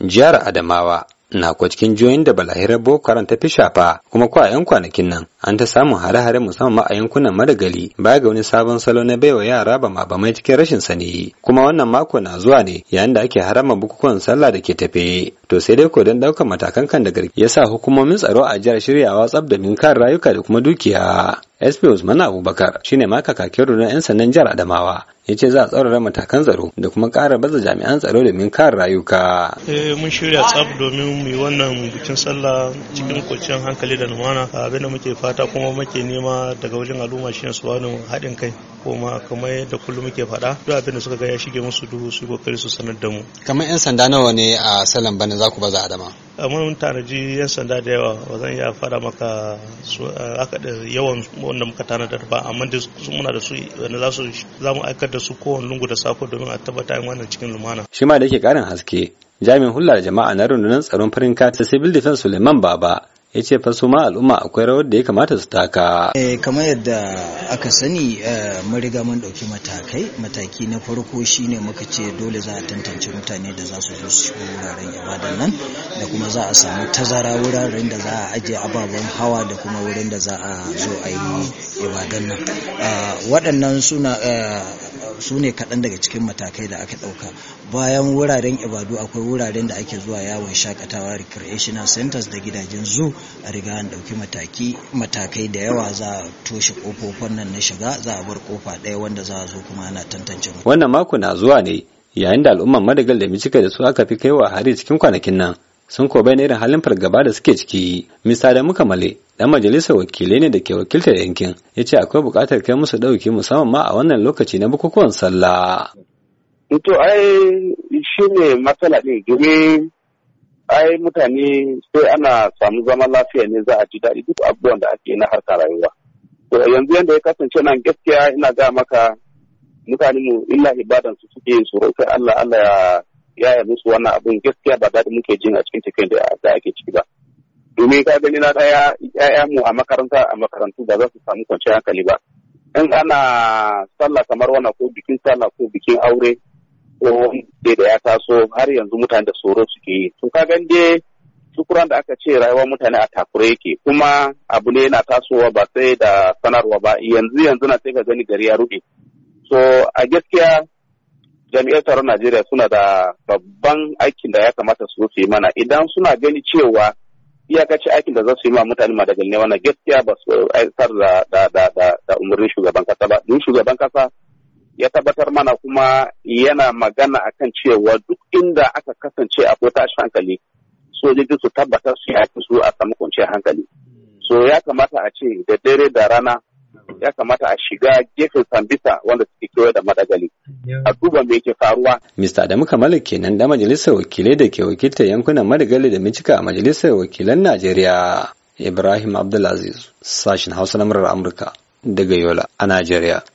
jihar adamawa na kuwa cikin jihohin da balahirar boko haram ta fi shafa kuma ko a yan kwanakin nan an ta samun hare-hare musamman a yankunan madagali baya ga wani sabon salo na baiwa yara ba ma ba mai cikin rashin sani kuma wannan mako na zuwa ne yayin da ake harama bukukuwan sallah da ke tafe to sai dai ko don ɗaukar matakan kan da Ya sa hukumomin tsaro a jihar shiryawa tsab da minkar rayuka da kuma dukiya SP Usman Abubakar shine maka rundunar 'yan sandan jihar Adamawa ya ce za a tsaurara matakan tsaro da kuma ƙara baza jami'an tsaro domin kare rayuka. Eh mun shirya tsaf domin mu yi wannan bikin sallah cikin kwanciyar hankali da lumana abin da muke fata kuma muke nema daga wajen al'umma shi su wani haɗin kai kuma kamar yadda kullum muke faɗa duk abin da suka ga ya shige musu duhu su kokari su sanar da mu. Kamar 'yan sanda nawa ne a salon bana za ku baza adama? mun tanaji 'yan sanda da yawa ba zan iya fara maka aka da yawan wanda muka tanadar ba amma da muna da su wanda za su za mu aikar da su kowane lungu da sako domin a tabbata in wannan cikin lumana shi ma da yake karin haske jami'in da jama'a na rundunar tsaron farin kati civil defense suleiman baba ya ce fa su ma al'umma akwai rawar da ya kamata su taka. Eh, kamar yadda aka sani eh, mun riga mun ɗauki matakai mataki na farko shine muka ce dole za a tantance mutane da za su zo su shigo wuraren ibadan nan da kuma za a samu tazara wuraren da za a ajiye ababen hawa da kuma wurin da za a zo a yi ibadan nan eh, waɗannan suna su ne kaɗan daga cikin matakai da aka ɗauka bayan wuraren ibadu akwai wuraren da ake zuwa yawon shakatawa recreational centers da gidajen zoo a riga an ɗauki mataki matakai da yawa za a toshe kofofin nan na shiga za a bar kofa ɗaya wanda za a zo kuma ana tantance wannan mako na zuwa ne yayin da al'umman madagal da micika da su aka fi kaiwa hari cikin kwanakin nan sun ko bayan irin halin fargaba da suke ciki mista da muka male dan majalisar wakilai ne da ke wakiltar yankin ya ce akwai buƙatar kai musu ɗauki musamman ma a wannan lokaci na bukukuwan sallah to ai shi ne matsala ɗin domin ai mutane sai ana samu zaman lafiya ne za a ji daɗi duk abubuwan da ake na harkar rayuwa to yanzu yadda ya kasance nan gaskiya ina ga maka mutane mu illa ibadan su suke su roƙi Allah Allah ya ya yi musu wannan abin gaskiya ba daɗi muke jin a cikin cikin da ake ciki ba domin ka gani na ɗaya ƴaƴa mu a makaranta a makarantu ba za su samu kwanciyar hankali ba in ana sallah kamar wannan ko bikin sallah ko bikin aure tsohon da ya taso har yanzu mutane da tsoro suke yi to ka gan dai tukuran da aka ce rayuwar mutane a takure yake kuma abu ne yana tasowa ba sai da sanarwa ba yanzu yanzu na sai ka gani gari ya rufe so a gaskiya jami'ar tsaron najeriya suna da babban aikin da ya kamata su yi mana idan suna gani cewa iyakaci aikin da za su yi ma mutane ma daga ne wannan gaskiya ba su aikar da umarnin shugaban kasa ba don shugaban kasa ya tabbatar mana kuma yana magana a kan cewa duk inda aka kasance akwai tashin hankali sojoji su tabbatar su yaki su a samu kwanciyar hankali so ya kamata a ce da dare da rana ya kamata a shiga gefen sambisa wanda suke kewaye da madagali a duba me yake faruwa. da Adamu Kamalu kenan da majalisar wakilai da ke wakilta yankunan madagali da Mincika a majalisar wakilan Najeriya. Ibrahim Abdulaziz, sashen Hausa na murar Amurka daga Yola a Najeriya.